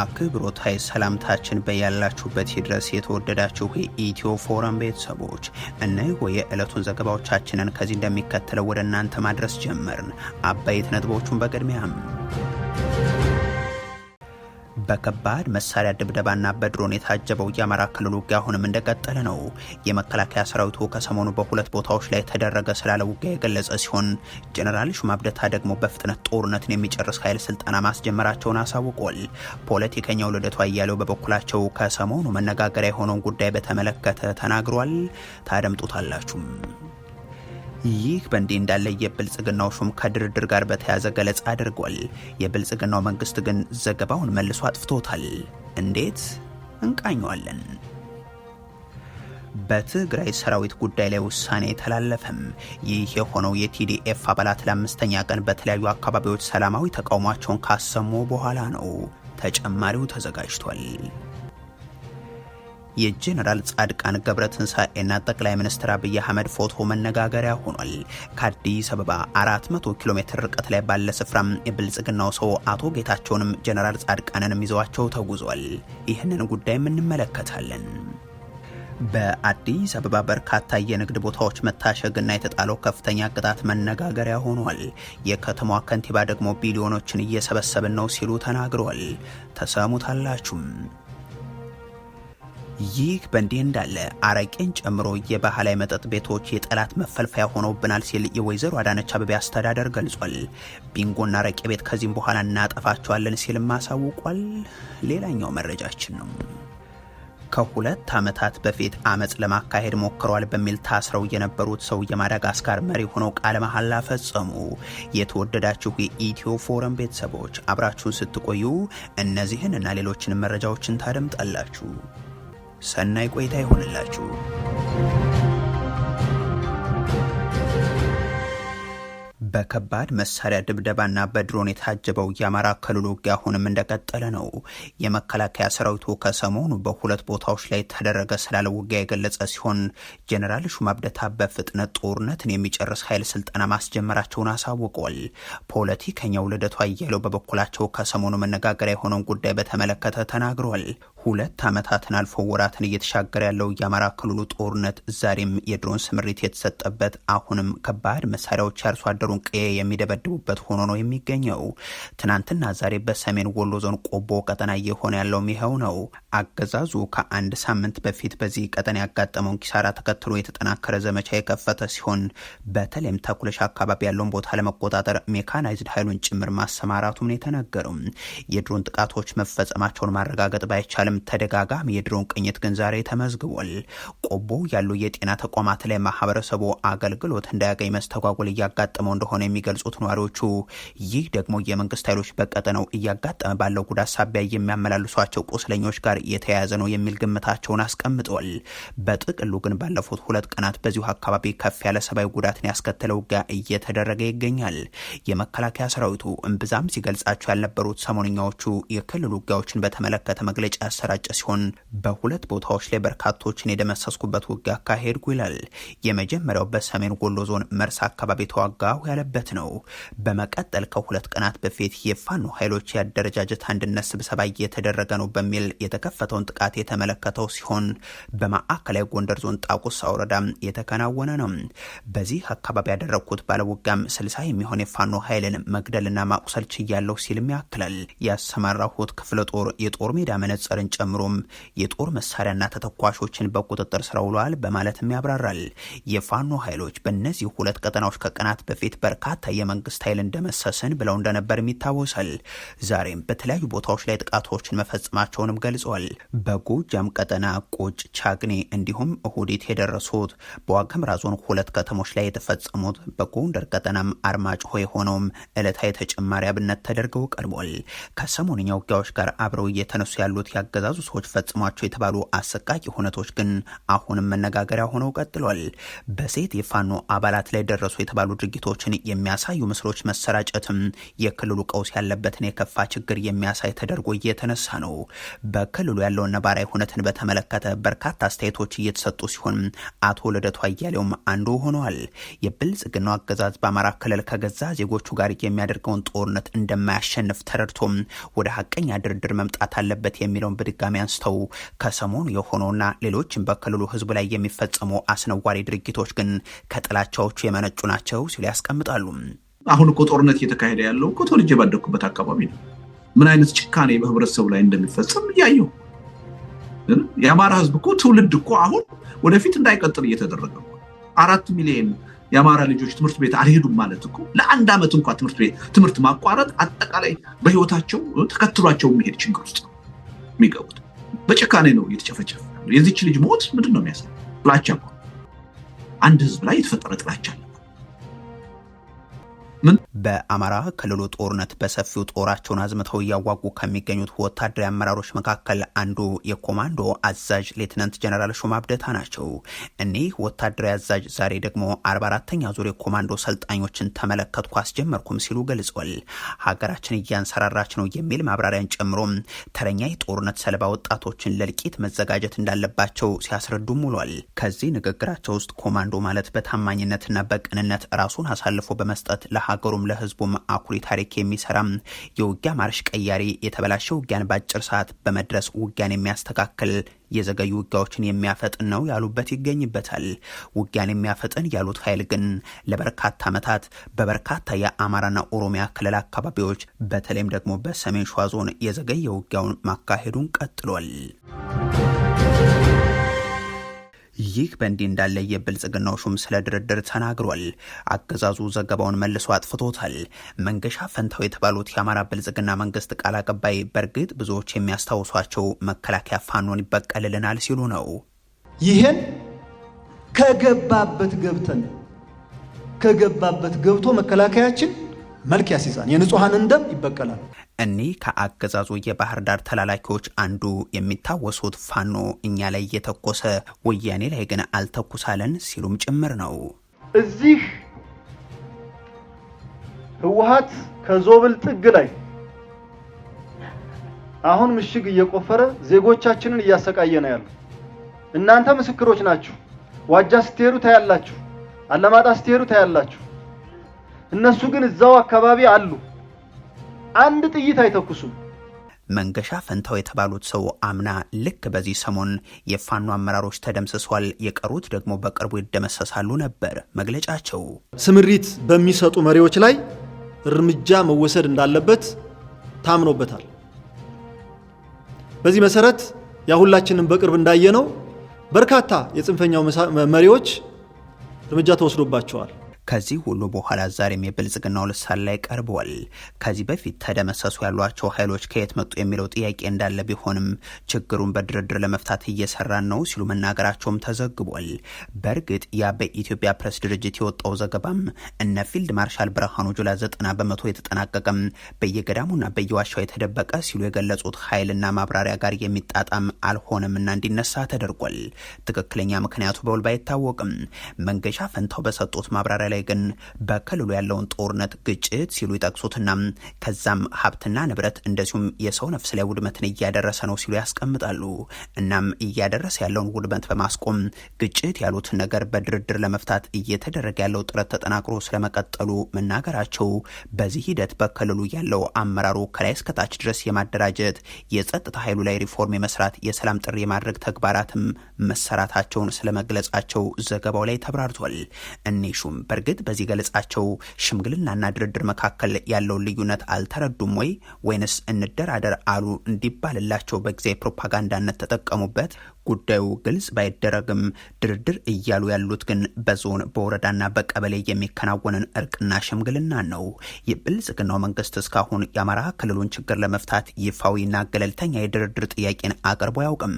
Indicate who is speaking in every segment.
Speaker 1: አክብሮታዊ ሰላምታችን በያላችሁበት ድረስ የተወደዳችሁ የኢትዮ ፎረም ቤተሰቦች እነሆ የዕለቱን ዘገባዎቻችንን ከዚህ እንደሚከተለው ወደ እናንተ ማድረስ ጀመርን። አበይት ነጥቦቹን በቅድሚያም በከባድ መሳሪያ ድብደባና በድሮን የታጀበው የአማራ ክልል ውጊያ አሁንም እንደቀጠለ ነው። የመከላከያ ሰራዊቱ ከሰሞኑ በሁለት ቦታዎች ላይ ተደረገ ስላለ ውጊያ የገለጸ ሲሆን ጀኔራል ሹማብደታ ደግሞ በፍጥነት ጦርነትን የሚጨርስ ኃይል ስልጠና ማስጀመራቸውን አሳውቋል። ፖለቲከኛው ልደቱ አያሌው በበኩላቸው ከሰሞኑ መነጋገሪያ የሆነውን ጉዳይ በተመለከተ ተናግሯል። ታደምጡታላችሁም። ይህ በእንዲህ እንዳለ የብልጽግናው ሹም ከድርድር ጋር በተያያዘ ገለጻ አድርጓል። የብልጽግናው መንግስት ግን ዘገባውን መልሶ አጥፍቶታል። እንዴት እንቃኘዋለን። በትግራይ ሰራዊት ጉዳይ ላይ ውሳኔ ተላለፈም። ይህ የሆነው የቲዲኤፍ አባላት ለአምስተኛ ቀን በተለያዩ አካባቢዎች ሰላማዊ ተቃውሟቸውን ካሰሙ በኋላ ነው። ተጨማሪው ተዘጋጅቷል። የጄኔራል ጻድቃን ገብረ ትንሣኤና ጠቅላይ ሚኒስትር አብይ አህመድ ፎቶ መነጋገሪያ ሆኗል። ከአዲስ አበባ 400 ኪሎ ሜትር ርቀት ላይ ባለ ስፍራም የብልጽግናው ሰው አቶ ጌታቸውንም ጄኔራል ጻድቃንንም ይዘዋቸው ተጉዟል። ይህንን ጉዳይም እንመለከታለን። በአዲስ አበባ በርካታ የንግድ ቦታዎች መታሸግና የተጣለው ከፍተኛ ቅጣት መነጋገሪያ ሆኗል። የከተማዋ ከንቲባ ደግሞ ቢሊዮኖችን እየሰበሰብን ነው ሲሉ ተናግረዋል። ተሰሙታላችሁም። ይህ በእንዲህ እንዳለ አረቄን ጨምሮ የባህላዊ መጠጥ ቤቶች የጠላት መፈልፈያ ሆነውብናል ሲል የወይዘሮ አዳነች አበቤ አስተዳደር ገልጿል። ቢንጎና አረቄ ቤት ከዚህም በኋላ እናጠፋቸዋለን ሲልም አሳውቋል። ሌላኛው መረጃችን ነው። ከሁለት ዓመታት በፊት አመፅ ለማካሄድ ሞክረዋል በሚል ታስረው የነበሩት ሰው የማዳጋስካር መሪ ሆነው ቃለ መሐላ ፈጸሙ። የተወደዳችሁ የኢትዮ ፎረም ቤተሰቦች አብራችሁን ስትቆዩ እነዚህን እና ሌሎችንም መረጃዎችን ታደምጣላችሁ። ሰናይ ቆይታ ይሆንላችሁ። በከባድ መሳሪያ ድብደባና በድሮን የታጀበው የአማራ ክልል ውጊያ አሁንም እንደቀጠለ ነው። የመከላከያ ሰራዊቱ ከሰሞኑ በሁለት ቦታዎች ላይ ተደረገ ስላለ ውጊያ የገለጸ ሲሆን ጀኔራል ሹማብደታ በፍጥነት ጦርነትን የሚጨርስ ኃይል ስልጠና ማስጀመራቸውን አሳውቋል። ፖለቲከኛው ልደቱ አያሌው በበኩላቸው ከሰሞኑ መነጋገሪያ የሆነውን ጉዳይ በተመለከተ ተናግሯል። ሁለት ዓመታትን አልፎ ወራትን እየተሻገረ ያለው የአማራ ክልሉ ጦርነት ዛሬም የድሮን ስምሪት የተሰጠበት አሁንም ከባድ መሳሪያዎች አርሶ አደሩን ቀዬ የሚደበድቡበት ሆኖ ነው የሚገኘው። ትናንትና ዛሬ በሰሜን ወሎ ዞን ቆቦ ቀጠና እየሆነ ያለውም ይኸው ነው። አገዛዙ ከአንድ ሳምንት በፊት በዚህ ቀጠና ያጋጠመውን ኪሳራ ተከትሎ የተጠናከረ ዘመቻ የከፈተ ሲሆን በተለይም ተኩለሽ አካባቢ ያለውን ቦታ ለመቆጣጠር ሜካናይዝድ ኃይሉን ጭምር ማሰማራቱም ነው የተነገረው። የድሮን ጥቃቶች መፈጸማቸውን ማረጋገጥ ባይቻልም ላይም ተደጋጋሚ የድሮን ቅኝት ግን ዛሬ ተመዝግቧል። ቆቦ ያሉ የጤና ተቋማት ላይ ማህበረሰቡ አገልግሎት እንዳያገኝ መስተጓጎል እያጋጠመው እንደሆነ የሚገልጹት ነዋሪዎቹ ይህ ደግሞ የመንግስት ኃይሎች በቀጠነው እያጋጠመ ባለው ጉዳት ሳቢያ የሚያመላልሷቸው ቁስለኞች ጋር የተያያዘ ነው የሚል ግምታቸውን አስቀምጠዋል። በጥቅሉ ግን ባለፉት ሁለት ቀናት በዚሁ አካባቢ ከፍ ያለ ሰብአዊ ጉዳትን ያስከተለ ውጊያ እየተደረገ ይገኛል። የመከላከያ ሰራዊቱ እምብዛም ሲገልጻቸው ያልነበሩት ሰሞንኛዎቹ የክልሉ ውጊያዎችን በተመለከተ መግለጫ የተሰራጨ ሲሆን በሁለት ቦታዎች ላይ በርካቶችን የደመሰስኩበት ውጊያ አካሄድኩ ይላል። የመጀመሪያው በሰሜን ወሎ ዞን መርሳ አካባቢ ተዋጋሁ ያለበት ነው። በመቀጠል ከሁለት ቀናት በፊት የፋኖ ኃይሎች የአደረጃጀት አንድነት ስብሰባ እየተደረገ ነው በሚል የተከፈተውን ጥቃት የተመለከተው ሲሆን በማዕከላዊ ጎንደር ዞን ጣቁሳ ወረዳ የተከናወነ ነው። በዚህ አካባቢ ያደረግኩት ባለውጋም ስልሳ የሚሆን የፋኖ ኃይልን መግደልና ማቁሰል ችያለሁ ሲልም ያክላል። ያሰማራሁት ክፍለ ጦር የጦር ሜዳ መነጽርን ጨምሮም የጦር መሳሪያና ተተኳሾችን በቁጥጥር ስር ውለዋል በማለትም ያብራራል። የፋኖ ኃይሎች በእነዚህ ሁለት ቀጠናዎች ከቀናት በፊት በርካታ የመንግስት ኃይል እንደመሰስን ብለው እንደነበርም ይታወሳል። ዛሬም በተለያዩ ቦታዎች ላይ ጥቃቶችን መፈጸማቸውንም ገልጸዋል። በጎጃም ቀጠና ቁጭ ቻግኔ እንዲሁም እሁዲት የደረሱት በዋገምራ ዞን ሁለት ከተሞች ላይ የተፈጸሙት በጎንደር ቀጠናም አርማጭሆ የሆነውም ዕለታዊ ተጨማሪ አብነት ተደርገው ቀርቧል። ከሰሞንኛ ውጊያዎች ጋር አብረው እየተነሱ ያሉት ያገዛ የአገዛዙ ሰዎች ፈጽሟቸው የተባሉ አሰቃቂ ሁነቶች ግን አሁንም መነጋገሪያ ሆነው ቀጥሏል። በሴት የፋኖ አባላት ላይ ደረሱ የተባሉ ድርጊቶችን የሚያሳዩ ምስሎች መሰራጨትም የክልሉ ቀውስ ያለበትን የከፋ ችግር የሚያሳይ ተደርጎ እየተነሳ ነው። በክልሉ ያለውን ነባራዊ ሁነትን በተመለከተ በርካታ አስተያየቶች እየተሰጡ ሲሆን አቶ ልደቱ አያሌውም አንዱ ሆነዋል። የብልጽግናው አገዛዝ በአማራ ክልል ከገዛ ዜጎቹ ጋር የሚያደርገውን ጦርነት እንደማያሸንፍ ተረድቶም ወደ ሀቀኛ ድርድር መምጣት አለበት የሚለውን ብድግ በድጋሚ አንስተው ከሰሞኑ የሆነውና ሌሎችን በክልሉ ህዝብ ላይ የሚፈጸሙ አስነዋሪ ድርጊቶች ግን ከጥላቻዎቹ የመነጩ ናቸው ሲሉ ያስቀምጣሉ።
Speaker 2: አሁን እኮ ጦርነት እየተካሄደ ያለው እኮ ተወልጄ ባደግኩበት አካባቢ ነው። ምን አይነት ጭካኔ በህብረተሰቡ ላይ እንደሚፈጸም እያየሁ የአማራ ህዝብ እኮ ትውልድ እኮ አሁን ወደፊት እንዳይቀጥል እየተደረገ አራት ሚሊዮን የአማራ ልጆች ትምህርት ቤት አልሄዱም ማለት እኮ ለአንድ ዓመት እንኳ ትምህርት ቤት ትምህርት ማቋረጥ አጠቃላይ በህይወታቸው ተከትሏቸው የሚሄድ ችግር ውስጥ ነው። የሚገቡት። በጭካኔ ነው እየተጨፈጨፈ። የዚች ልጅ ሞት ምንድን ነው የሚያሳ ጥላቻ። አንድ ህዝብ ላይ የተፈጠረ ጥላቻ
Speaker 1: ምን በአማራ ክልሉ ጦርነት በሰፊው ጦራቸውን አዝምተው እያዋጉ ከሚገኙት ወታደራዊ አመራሮች መካከል አንዱ የኮማንዶ አዛዥ ሌትናንት ጀነራል ሹማ አብደታ ናቸው። እኒህ ወታደራዊ አዛዥ ዛሬ ደግሞ 44ተኛ ዙር የኮማንዶ ሰልጣኞችን ተመለከትኩ አስጀመርኩም ሲሉ ገልጿል። ሀገራችን እያንሰራራች ነው የሚል ማብራሪያን ጨምሮም ተረኛ የጦርነት ሰለባ ወጣቶችን ለልቂት መዘጋጀት እንዳለባቸው ሲያስረዱም ውሏል። ከዚህ ንግግራቸው ውስጥ ኮማንዶ ማለት በታማኝነትና በቅንነት ራሱን አሳልፎ በመስጠት ለሀ ለሀገሩም ለህዝቡም አኩሪ ታሪክ የሚሰራ የውጊያ ማርሽ ቀያሪ፣ የተበላሸ ውጊያን በአጭር ሰዓት በመድረስ ውጊያን የሚያስተካክል የዘገዩ ውጊያዎችን የሚያፈጥን ነው ያሉበት ይገኝበታል። ውጊያን የሚያፈጥን ያሉት ኃይል ግን ለበርካታ ዓመታት በበርካታ የአማራና ኦሮሚያ ክልል አካባቢዎች በተለይም ደግሞ በሰሜን ሸዋ ዞን የዘገየ ውጊያውን ማካሄዱን ቀጥሏል። ይህ በእንዲህ እንዳለ የብልጽግናው ሹም ስለ ድርድር ተናግሯል። አገዛዙ ዘገባውን መልሶ አጥፍቶታል። መንገሻ ፈንታው የተባሉት የአማራ ብልጽግና መንግስት ቃል አቀባይ በእርግጥ ብዙዎች የሚያስታውሷቸው መከላከያ ፋኖን ይበቀልልናል ሲሉ ነው።
Speaker 3: ይህን ከገባበት ገብተን ከገባበት ገብቶ መከላከያችን መልክ ያስይዛል፣ የንጹሐንን ደም ይበቀላል።
Speaker 1: እኒህ ከአገዛዙ የባህር ዳር ተላላኪዎች አንዱ የሚታወሱት ፋኖ እኛ ላይ እየተኮሰ ወያኔ ላይ ግን አልተኩሳለን ሲሉም ጭምር ነው።
Speaker 3: እዚህ ህወሀት ከዞብል ጥግ ላይ አሁን ምሽግ እየቆፈረ ዜጎቻችንን እያሰቃየ ነው ያሉ። እናንተ ምስክሮች ናችሁ። ዋጃ ስትሄዱ ታያላችሁ። አለማጣ ስትሄዱ ታያላችሁ። እነሱ ግን እዛው አካባቢ አሉ። አንድ ጥይት አይተኩሱም።
Speaker 1: መንገሻ ፈንታው የተባሉት ሰው አምና ልክ በዚህ ሰሞን የፋኖ አመራሮች ተደምስሷል፣ የቀሩት ደግሞ በቅርቡ ይደመሰሳሉ ነበር መግለጫቸው።
Speaker 4: ስምሪት በሚሰጡ መሪዎች ላይ እርምጃ መወሰድ እንዳለበት ታምኖበታል። በዚህ መሰረት ያ ሁላችንም በቅርብ እንዳየነው በርካታ የጽንፈኛው መሪዎች እርምጃ ተወስዶባቸዋል።
Speaker 1: ከዚህ ሁሉ በኋላ ዛሬም የብልጽግናው ልሳን ላይ ቀርበዋል። ከዚህ በፊት ተደመሰሱ ያሏቸው ኃይሎች ከየት መጡ የሚለው ጥያቄ እንዳለ ቢሆንም ችግሩን በድርድር ለመፍታት እየሰራን ነው ሲሉ መናገራቸውም ተዘግቧል። በእርግጥ ያ በኢትዮጵያ ፕሬስ ድርጅት የወጣው ዘገባም እነ ፊልድ ማርሻል ብርሃኑ ጁላ ዘጠና በመቶ የተጠናቀቀም በየገዳሙና በየዋሻው የተደበቀ ሲሉ የገለጹት ኃይልና ማብራሪያ ጋር የሚጣጣም አልሆነምና እንዲነሳ ተደርጓል። ትክክለኛ ምክንያቱ በውል ባይታወቅም መንገሻ ፈንታው በሰጡት ማብራሪያ በተለይ ግን በክልሉ ያለውን ጦርነት ግጭት ሲሉ ይጠቅሱትና ከዛም ሀብትና ንብረት እንደዚሁም የሰው ነፍስ ላይ ውድመትን እያደረሰ ነው ሲሉ ያስቀምጣሉ። እናም እያደረሰ ያለውን ውድመት በማስቆም ግጭት ያሉት ነገር በድርድር ለመፍታት እየተደረገ ያለው ጥረት ተጠናክሮ ስለመቀጠሉ መናገራቸው በዚህ ሂደት በክልሉ ያለው አመራሩ ከላይ እስከታች ድረስ የማደራጀት የጸጥታ ኃይሉ ላይ ሪፎርም የመስራት የሰላም ጥሪ የማድረግ ተግባራትም መሰራታቸውን ስለመግለጻቸው ዘገባው ላይ ተብራርቷል። እኒሹም በእርግጥ በእርግጥ በዚህ ገለጻቸው ሽምግልናና ድርድር መካከል ያለውን ልዩነት አልተረዱም ወይ ወይንስ እንደራደር አሉ እንዲባልላቸው በጊዜ ፕሮፓጋንዳነት ተጠቀሙበት ጉዳዩ ግልጽ ባይደረግም ድርድር እያሉ ያሉት ግን በዞን በወረዳና በቀበሌ የሚከናወንን እርቅና ሽምግልና ነው። የብልጽግናው መንግስት እስካሁን የአማራ ክልሉን ችግር ለመፍታት ይፋዊና ገለልተኛ የድርድር ጥያቄን አቅርቦ አያውቅም።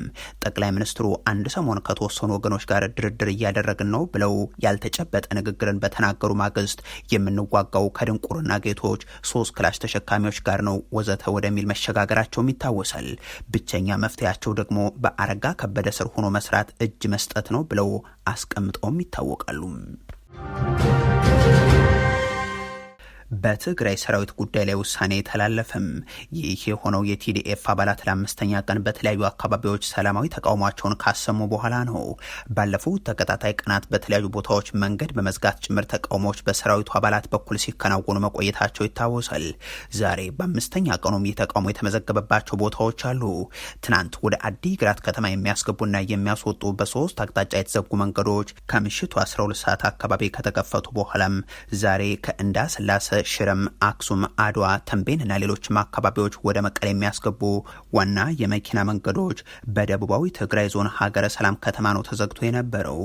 Speaker 1: ጠቅላይ ሚኒስትሩ አንድ ሰሞን ከተወሰኑ ወገኖች ጋር ድርድር እያደረግን ነው ብለው ያልተጨበጠ ንግግርን በተናገሩ ማግስት የምንዋጋው ከድንቁርና ጌቶች ሶስት ክላሽ ተሸካሚዎች ጋር ነው ወዘተ ወደሚል መሸጋገራቸውም ይታወሳል። ብቸኛ መፍትሄያቸው ደግሞ በአረጋ ከ ከበደ ስር ሆኖ መስራት እጅ መስጠት ነው ብለው አስቀምጠውም ይታወቃሉ። በትግራይ ሰራዊት ጉዳይ ላይ ውሳኔ የተላለፈም ይህ የሆነው የቲዲኤፍ አባላት ለአምስተኛ ቀን በተለያዩ አካባቢዎች ሰላማዊ ተቃውሟቸውን ካሰሙ በኋላ ነው። ባለፉት ተከታታይ ቀናት በተለያዩ ቦታዎች መንገድ በመዝጋት ጭምር ተቃውሞዎች በሰራዊቱ አባላት በኩል ሲከናወኑ መቆየታቸው ይታወሳል። ዛሬ በአምስተኛ ቀኑም ይህ ተቃውሞ የተመዘገበባቸው ቦታዎች አሉ። ትናንት ወደ አዲግራት ከተማ የሚያስገቡና የሚያስወጡ በሶስት አቅጣጫ የተዘጉ መንገዶች ከምሽቱ 12 ሰዓት አካባቢ ከተከፈቱ በኋላም ዛሬ ከእንዳ ስላሰ ሽረም፣ አክሱም፣ አድዋ፣ ተንቤንና ሌሎችም አካባቢዎች ወደ መቀሌ የሚያስገቡ ዋና የመኪና መንገዶች በደቡባዊ ትግራይ ዞን ሀገረ ሰላም ከተማ ነው ተዘግቶ የነበረው።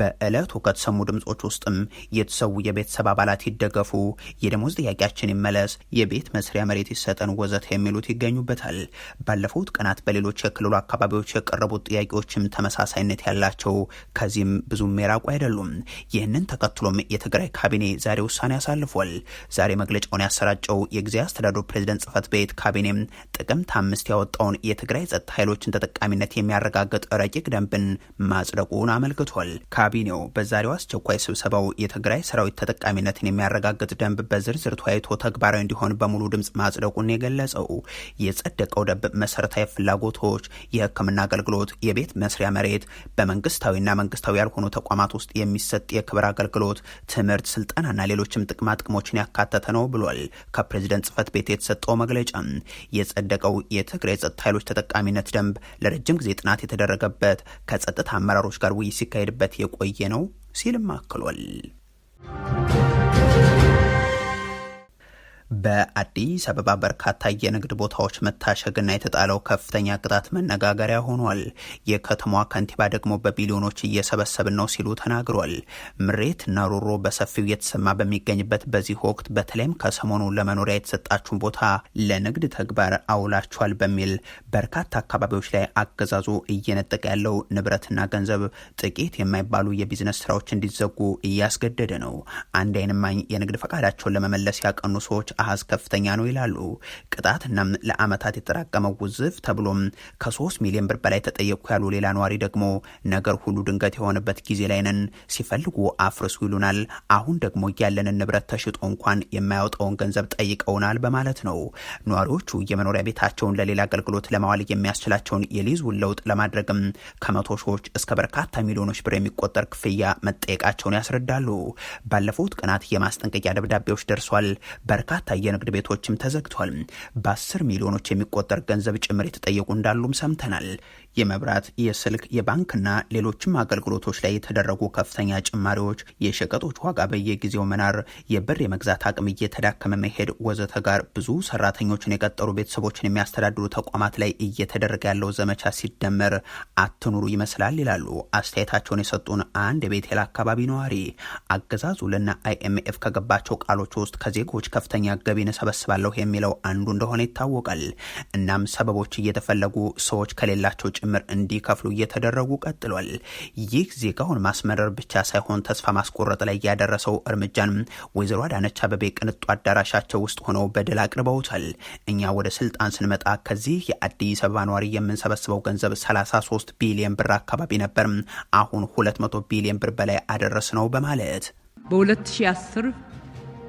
Speaker 1: በዕለቱ ከተሰሙ ድምጾች ውስጥም የተሰዉ የቤተሰብ አባላት ይደገፉ፣ የደሞዝ ጥያቄያችን ይመለስ፣ የቤት መስሪያ መሬት ይሰጠን ወዘት የሚሉት ይገኙበታል። ባለፉት ቀናት በሌሎች የክልሉ አካባቢዎች የቀረቡት ጥያቄዎችም ተመሳሳይነት ያላቸው ከዚህም ብዙም የራቁ አይደሉም። ይህንን ተከትሎም የትግራይ ካቢኔ ዛሬ ውሳኔ አሳልፏል። ዛሬ መግለጫውን ያሰራጨው የጊዜ አስተዳደሩ ፕሬዚደንት ጽህፈት ቤት ካቢኔም ጥቅምት አምስት ያወጣውን የትግራይ ጸጥታ ኃይሎችን ተጠቃሚነት የሚያረጋግጥ ረቂቅ ደንብን ማጽደቁን አመልክቷል። ካቢኔው በዛሬው አስቸኳይ ስብሰባው የትግራይ ሰራዊት ተጠቃሚነትን የሚያረጋግጥ ደንብ በዝርዝር ተወያይቶ ተግባራዊ እንዲሆን በሙሉ ድምፅ ማጽደቁን የገለጸው የጸደቀው ደንብ መሰረታዊ ፍላጎቶች፣ የህክምና አገልግሎት፣ የቤት መስሪያ መሬት፣ በመንግስታዊና መንግስታዊ ያልሆኑ ተቋማት ውስጥ የሚሰጥ የክብር አገልግሎት፣ ትምህርት፣ ስልጠናና ሌሎችም ጥቅማ ጥቅሞችን ያካ ያካተተ ነው ብሏል። ከፕሬዚደንት ጽህፈት ቤት የተሰጠው መግለጫ የጸደቀው የትግራይ ጸጥታ ኃይሎች ተጠቃሚነት ደንብ ለረጅም ጊዜ ጥናት የተደረገበት ከጸጥታ አመራሮች ጋር ውይይት ሲካሄድበት የቆየ ነው ሲልም አክሏል። በአዲስ አበባ በርካታ የንግድ ቦታዎች መታሸግና የተጣለው ከፍተኛ ቅጣት መነጋገሪያ ሆኗል። የከተማዋ ከንቲባ ደግሞ በቢሊዮኖች እየሰበሰብን ነው ሲሉ ተናግሯል። ምሬትና ሮሮ በሰፊው እየተሰማ በሚገኝበት በዚህ ወቅት በተለይም ከሰሞኑ ለመኖሪያ የተሰጣችሁን ቦታ ለንግድ ተግባር አውላችኋል በሚል በርካታ አካባቢዎች ላይ አገዛዙ እየነጠቀ ያለው ንብረትና ገንዘብ ጥቂት የማይባሉ የቢዝነስ ስራዎች እንዲዘጉ እያስገደደ ነው። አንድ አይንማኝ የንግድ ፈቃዳቸውን ለመመለስ ያቀኑ ሰዎች አሃዝ ከፍተኛ ነው ይላሉ። ቅጣትና ለአመታት የተጠራቀመው ውዝፍ ተብሎም ከሶስት ሚሊዮን ብር በላይ ተጠየቁ ያሉ ሌላ ነዋሪ ደግሞ ነገር ሁሉ ድንገት የሆነበት ጊዜ ላይ ነን፣ ሲፈልጉ አፍርሱ ይሉናል። አሁን ደግሞ ያለንን ንብረት ተሽጦ እንኳን የማያወጣውን ገንዘብ ጠይቀውናል በማለት ነው። ነዋሪዎቹ የመኖሪያ ቤታቸውን ለሌላ አገልግሎት ለማዋል የሚያስችላቸውን የሊዝ ለውጥ ለማድረግም ከመቶ ሺዎች እስከ በርካታ ሚሊዮኖች ብር የሚቆጠር ክፍያ መጠየቃቸውን ያስረዳሉ። ባለፉት ቀናት የማስጠንቀቂያ ደብዳቤዎች ደርሷል። በርካታ በርካታ የንግድ ቤቶችም ተዘግቷል። በአስር ሚሊዮኖች የሚቆጠር ገንዘብ ጭምር የተጠየቁ እንዳሉም ሰምተናል። የመብራት፣ የስልክ፣ የባንክና ሌሎችም አገልግሎቶች ላይ የተደረጉ ከፍተኛ ጭማሪዎች፣ የሸቀጦች ዋጋ በየጊዜው መናር፣ የብር የመግዛት አቅም እየተዳከመ መሄድ ወዘተ ጋር ብዙ ሰራተኞችን የቀጠሩ ቤተሰቦችን የሚያስተዳድሩ ተቋማት ላይ እየተደረገ ያለው ዘመቻ ሲደመር አትኑሩ ይመስላል ይላሉ አስተያየታቸውን የሰጡን አንድ የቤቴል አካባቢ ነዋሪ። አገዛዙ ለና አይኤምኤፍ ከገባቸው ቃሎች ውስጥ ከዜጎች ከፍተኛ ገቢ እሰበስባለሁ የሚለው አንዱ እንደሆነ ይታወቃል። እናም ሰበቦች እየተፈለጉ ሰዎች ከሌላቸው ጭምር እንዲከፍሉ እየተደረጉ ቀጥሏል። ይህ ዜጋውን ማስመረር ብቻ ሳይሆን ተስፋ ማስቆረጥ ላይ ያደረሰው እርምጃን ወይዘሮ አዳነች አበቤ ቅንጡ አዳራሻቸው ውስጥ ሆነው በድል አቅርበውታል። እኛ ወደ ስልጣን ስንመጣ ከዚህ የአዲስ አበባ ነዋሪ የምንሰበስበው ገንዘብ 33 ቢሊዮን ብር አካባቢ ነበር። አሁን 200 ቢሊዮን ብር በላይ አደረስ ነው በማለት በ2010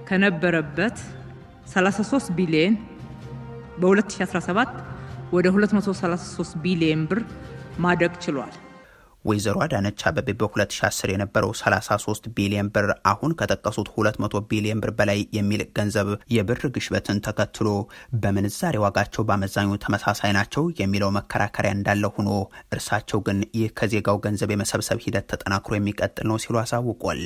Speaker 1: ከነበረበት 33 ቢሊዮን በ2017 ወደ 233 ቢሊዮን ብር ማደግ ችሏል። ወይዘሮ አዳነች አበቤ በ2010 የነበረው 33 ቢሊዮን ብር አሁን ከጠቀሱት 200 ቢሊዮን ብር በላይ የሚል ገንዘብ የብር ግሽበትን ተከትሎ በምንዛሬ ዋጋቸው በአመዛኙ ተመሳሳይ ናቸው የሚለው መከራከሪያ እንዳለ ሆኖ እርሳቸው ግን ይህ ከዜጋው ገንዘብ የመሰብሰብ ሂደት ተጠናክሮ የሚቀጥል ነው ሲሉ አሳውቋል።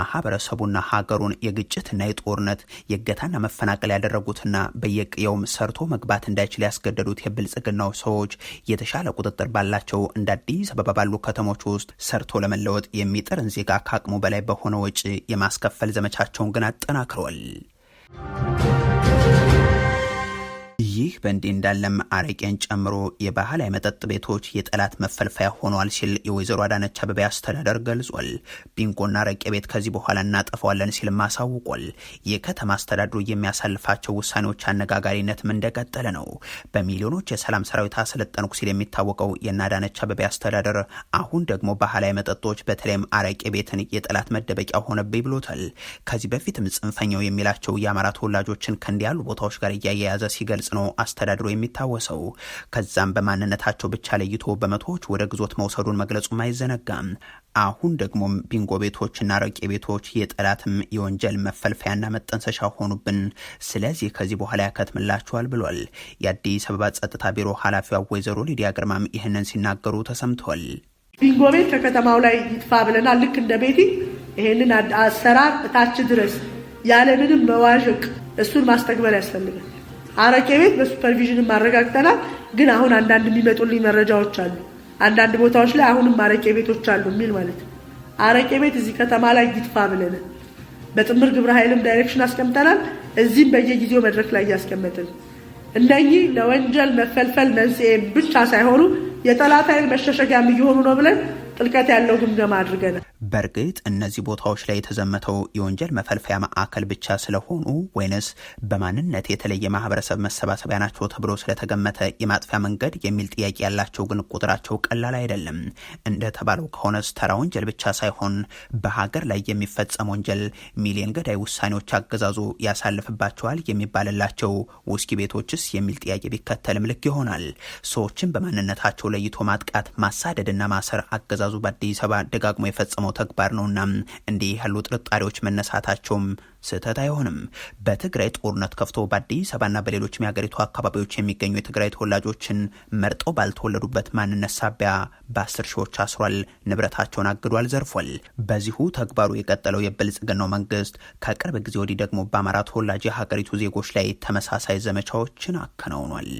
Speaker 1: ማህበረሰቡና ሀገሩን የግጭትና የጦርነት የእገታና መፈናቀል ያደረጉትና በየቅየውም ሰርቶ መግባት እንዳይችል ያስገደዱት የብልጽግናው ሰዎች የተሻለ ቁጥጥር ባላቸው እንደ አዲስ አበባ ባሉ ከተሞች ውስጥ ሰርቶ ለመለወጥ የሚጥርን ዜጋ ከአቅሙ በላይ በሆነ ወጪ የማስከፈል ዘመቻቸውን ግን አጠናክረዋል። ይህ በእንዲህ እንዳለም አረቄን ጨምሮ የባህላዊ መጠጥ ቤቶች የጠላት መፈልፈያ ሆኗል ሲል የወይዘሮ አዳነች አበቤ አስተዳደር ገልጿል። ቢንጎና አረቄ ቤት ከዚህ በኋላ እናጠፋዋለን ሲልም አሳውቋል። የከተማ አስተዳድሩ የሚያሳልፋቸው ውሳኔዎች አነጋጋሪነትም እንደቀጠለ ነው። በሚሊዮኖች የሰላም ሰራዊት አሰለጠንኩ ሲል የሚታወቀው የእነ አበቤ አስተዳደር አሁን ደግሞ ባህላዊ መጠጦች በተለይም አረቄ ቤትን የጠላት መደበቂያ ሆነብኝ ብሎታል። ከዚህ በፊትም ጽንፈኛው የሚላቸው የአማራ ተወላጆችን ከእንዲህ ያሉ ቦታዎች ጋር እያያያዘ ሲገልጽ ተጽዕኖ አስተዳድሮ የሚታወሰው ከዛም በማንነታቸው ብቻ ለይቶ በመቶዎች ወደ ግዞት መውሰዱን መግለጹም አይዘነጋም። አሁን ደግሞም ቢንጎ ቤቶችና ረቄ ቤቶች የጠላትም የወንጀል መፈልፈያና መጠንሰሻ ሆኑብን። ስለዚህ ከዚህ በኋላ ያከትምላቸዋል ብሏል። የአዲስ አበባ ጸጥታ ቢሮ ኃላፊዋ ወይዘሮ ሊዲያ ግርማም ይህንን ሲናገሩ ተሰምተዋል። ቢንጎ ቤት ከከተማው ላይ ይጥፋ ብለናል። ልክ እንደ ቤቲ ይህንን አሰራር እታች ድረስ ያለምንም መዋዠቅ እሱን ማስተግበር ያስፈልጋል። አረቄ ቤት በሱፐርቪዥን አረጋግጠናል። ግን አሁን አንዳንድ የሚመጡልኝ መረጃዎች አሉ። አንዳንድ ቦታዎች ላይ አሁንም አረቄ ቤቶች አሉ የሚል ማለት ነው። አረቄ ቤት እዚህ ከተማ ላይ ይጥፋ ብለን በጥምር ግብረ ኃይልም ዳይሬክሽን አስቀምጠናል። እዚህም በየጊዜው መድረክ ላይ እያስቀመጥን እንደኚህ ለወንጀል መፈልፈል መንስኤ ብቻ ሳይሆኑ የጠላት ኃይል መሸሸጊያም እየሆኑ ነው ብለን ጥልቀት ያለው ግምገማ አድርገናል። በእርግጥ እነዚህ ቦታዎች ላይ የተዘመተው የወንጀል መፈልፈያ ማዕከል ብቻ ስለሆኑ ወይንስ በማንነት የተለየ ማህበረሰብ መሰባሰቢያ ናቸው ተብሎ ስለተገመተ የማጥፊያ መንገድ የሚል ጥያቄ ያላቸው ግን ቁጥራቸው ቀላል አይደለም። እንደተባለው ከሆነስ ተራ ወንጀል ብቻ ሳይሆን በሀገር ላይ የሚፈጸም ወንጀል ሚሊዮን ገዳይ ውሳኔዎች አገዛዙ ያሳልፍባቸዋል የሚባልላቸው ውስኪ ቤቶችስ የሚል ጥያቄ ቢከተልም ልክ ይሆናል። ሰዎችን በማንነታቸው ለይቶ ማጥቃት፣ ማሳደድና ማሰር አገዛዙ በአዲስ አበባ ደጋግሞ የፈጸመው የሚፈጸመው ተግባር ነውና እንዲህ ያሉ ጥርጣሬዎች መነሳታቸውም ስህተት አይሆንም። በትግራይ ጦርነት ከፍቶ በአዲስ አበባና በሌሎችም የሀገሪቱ አካባቢዎች የሚገኙ የትግራይ ተወላጆችን መርጠው ባልተወለዱበት ማንነት ሳቢያ በአስር ሺዎች አስሯል፣ ንብረታቸውን አግዷል፣ ዘርፏል። በዚሁ ተግባሩ የቀጠለው የብልጽግናው መንግስት ከቅርብ ጊዜ ወዲህ ደግሞ በአማራ ተወላጅ የሀገሪቱ ዜጎች ላይ ተመሳሳይ ዘመቻዎችን አከናውኗል።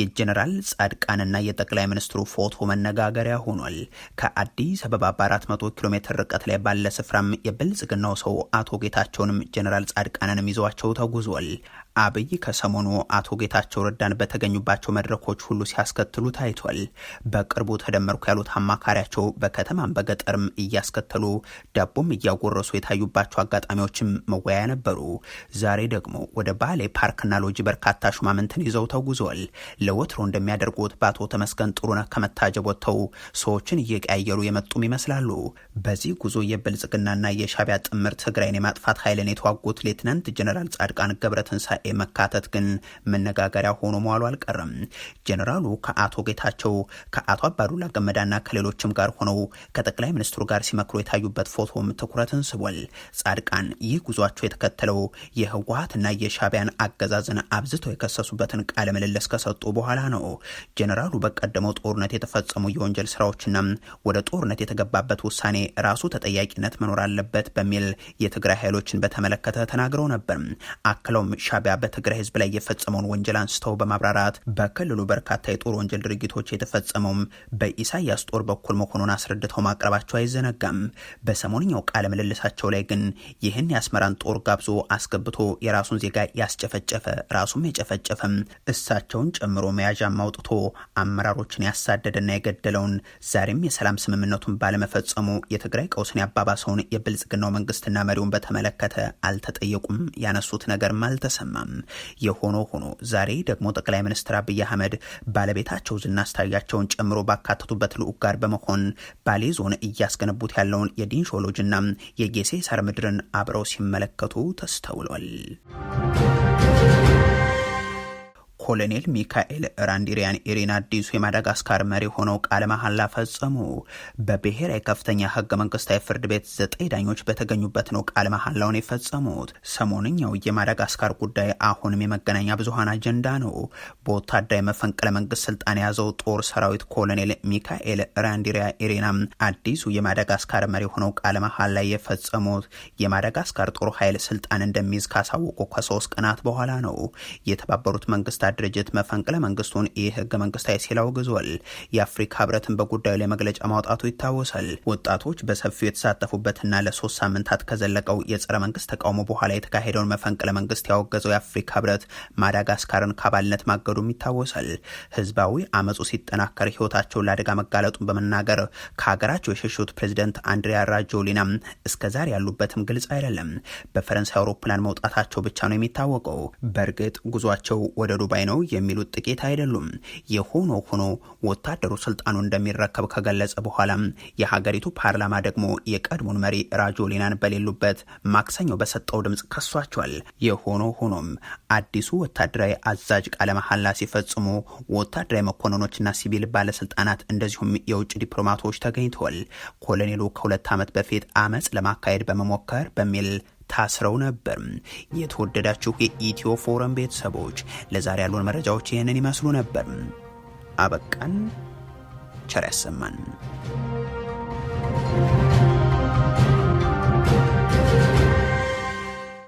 Speaker 1: የጀነራል ጻድቃንና የጠቅላይ ሚኒስትሩ ፎቶ መነጋገሪያ ሆኗል። ከአዲስ አበባ በ400 ኪሎ ሜትር ርቀት ላይ ባለ ስፍራም የብልጽግናው ሰው አቶ ጌታቸውንም ጀነራል ጻድቃንንም ይዘዋቸው ተጉዟል። አብይ ከሰሞኑ አቶ ጌታቸው ረዳን በተገኙባቸው መድረኮች ሁሉ ሲያስከትሉ ታይቷል። በቅርቡ ተደመርኩ ያሉት አማካሪያቸው በከተማም በገጠርም እያስከተሉ ዳቦም እያጎረሱ የታዩባቸው አጋጣሚዎችም መወያያ ነበሩ። ዛሬ ደግሞ ወደ ባሌ ፓርክና ሎጂ በርካታ ሹማምንትን ይዘው ተጉዘዋል። ለወትሮ እንደሚያደርጉት በአቶ ተመስገን ጥሩነህ ከመታጀብ ወጥተው ሰዎችን እየቀያየሩ የመጡም ይመስላሉ። በዚህ ጉዞ የብልጽግናና የሻቢያ ጥምር ትግራይን የማጥፋት ኃይልን የተዋጉት ሌትናንት ጀነራል ጻድቃን ገብረ ጉባኤ መካተት ግን መነጋገሪያ ሆኖ መዋሉ አልቀረም። ጀኔራሉ ከአቶ ጌታቸው ከአቶ አባዱላ ገመዳና ከሌሎችም ጋር ሆነው ከጠቅላይ ሚኒስትሩ ጋር ሲመክሩ የታዩበት ፎቶም ትኩረትን ስቧል። ጻድቃን ይህ ጉዟቸው የተከተለው የህወሀትና የሻቢያን አገዛዝን አብዝተው የከሰሱበትን ቃለ ምልልስ ከሰጡ በኋላ ነው። ጀኔራሉ በቀደመው ጦርነት የተፈጸሙ የወንጀል ስራዎችና ወደ ጦርነት የተገባበት ውሳኔ ራሱ ተጠያቂነት መኖር አለበት በሚል የትግራይ ኃይሎችን በተመለከተ ተናግረው ነበር። አክለውም ሻቢያ በትግራይ ህዝብ ላይ የፈጸመውን ወንጀል አንስተው በማብራራት በክልሉ በርካታ የጦር ወንጀል ድርጊቶች የተፈጸመውም በኢሳያስ ጦር በኩል መሆኑን አስረድተው ማቅረባቸው አይዘነጋም። በሰሞንኛው ቃለ ምልልሳቸው ላይ ግን ይህን የአስመራን ጦር ጋብዞ አስገብቶ የራሱን ዜጋ ያስጨፈጨፈ ራሱም የጨፈጨፈም እሳቸውን ጨምሮ መያዣም አውጥቶ አመራሮችን ያሳደደና የገደለውን ዛሬም የሰላም ስምምነቱን ባለመፈጸሙ የትግራይ ቀውስን ያባባሰውን የብልጽግናው መንግስትና መሪውን በተመለከተ አልተጠየቁም። ያነሱት ነገርም አልተሰማም። አልሰማም። የሆኖ ሆኖ ዛሬ ደግሞ ጠቅላይ ሚኒስትር አብይ አህመድ ባለቤታቸው ዝናሽ ታያቸውን ጨምሮ ባካተቱበት ልዑክ ጋር በመሆን ባሌ ዞን እያስገነቡት ያለውን የዲንሾ ሎጅና የጌሴ ሳር ምድርን አብረው ሲመለከቱ ተስተውሏል። ኮሎኔል ሚካኤል ራንዲሪያን ኢሪን አዲሱ የማዳጋስካር መሪ ሆነው ቃለ መሐላ ፈጸሙ። በብሔራዊ ከፍተኛ ህገ መንግስታዊ ፍርድ ቤት ዘጠኝ ዳኞች በተገኙበት ነው ቃለ መሐላውን የፈጸሙት። ሰሞንኛው የማዳጋስካር ጉዳይ አሁንም የመገናኛ ብዙሀን አጀንዳ ነው። በወታደራዊ መፈንቅለ መንግስት ስልጣን የያዘው ጦር ሰራዊት ኮሎኔል ሚካኤል ራንዲሪያ ኢሪና አዲሱ የማዳጋስካር መሪ ሆነው ቃለ መሐላ የፈጸሙት የማዳጋስካር ጦር ኃይል ስልጣን እንደሚይዝ ካሳወቁ ከሶስት ቀናት በኋላ ነው የተባበሩት መንግስታት ድርጅት መፈንቅለ መንግስቱን ይህ ህገ መንግስታዊ ሲል አውግዟል። የአፍሪካ ህብረትን በጉዳዩ ላይ መግለጫ ማውጣቱ ይታወሳል። ወጣቶች በሰፊው የተሳተፉበትና ለሶስት ሳምንታት ከዘለቀው የጸረ መንግስት ተቃውሞ በኋላ የተካሄደውን መፈንቅለ መንግስት ያወገዘው የአፍሪካ ህብረት ማዳጋስካርን ከአባልነት ማገዱም ይታወሳል። ህዝባዊ አመፁ ሲጠናከር ህይወታቸውን ለአደጋ መጋለጡን በመናገር ከሀገራቸው የሸሹት ፕሬዚደንት አንድሪያ ራጆሊና እስከ ዛሬ ያሉበትም ግልጽ አይደለም። በፈረንሳይ አውሮፕላን መውጣታቸው ብቻ ነው የሚታወቀው። በእርግጥ ጉዟቸው ወደ ዱባይ ነው የሚሉት ጥቂት አይደሉም። የሆኖ ሆኖ ወታደሩ ስልጣኑ እንደሚረከብ ከገለጸ በኋላ የሀገሪቱ ፓርላማ ደግሞ የቀድሞን መሪ ራጆሊናን በሌሉበት ማክሰኞ በሰጠው ድምፅ ከሷቸዋል። የሆኖ ሆኖም አዲሱ ወታደራዊ አዛዥ ቃለ መሐላ ሲፈጽሙ ወታደራዊ መኮንኖችና ሲቪል ባለስልጣናት እንደዚሁም የውጭ ዲፕሎማቶች ተገኝተዋል። ኮሎኔሉ ከሁለት ዓመት በፊት አመፅ ለማካሄድ በመሞከር በሚል ታስረው ነበር። የተወደዳችሁ የኢትዮ ፎረም ቤተሰቦች ለዛሬ ያሉን መረጃዎች ይህንን ይመስሉ ነበር። አበቃን። ቸር ያሰማን።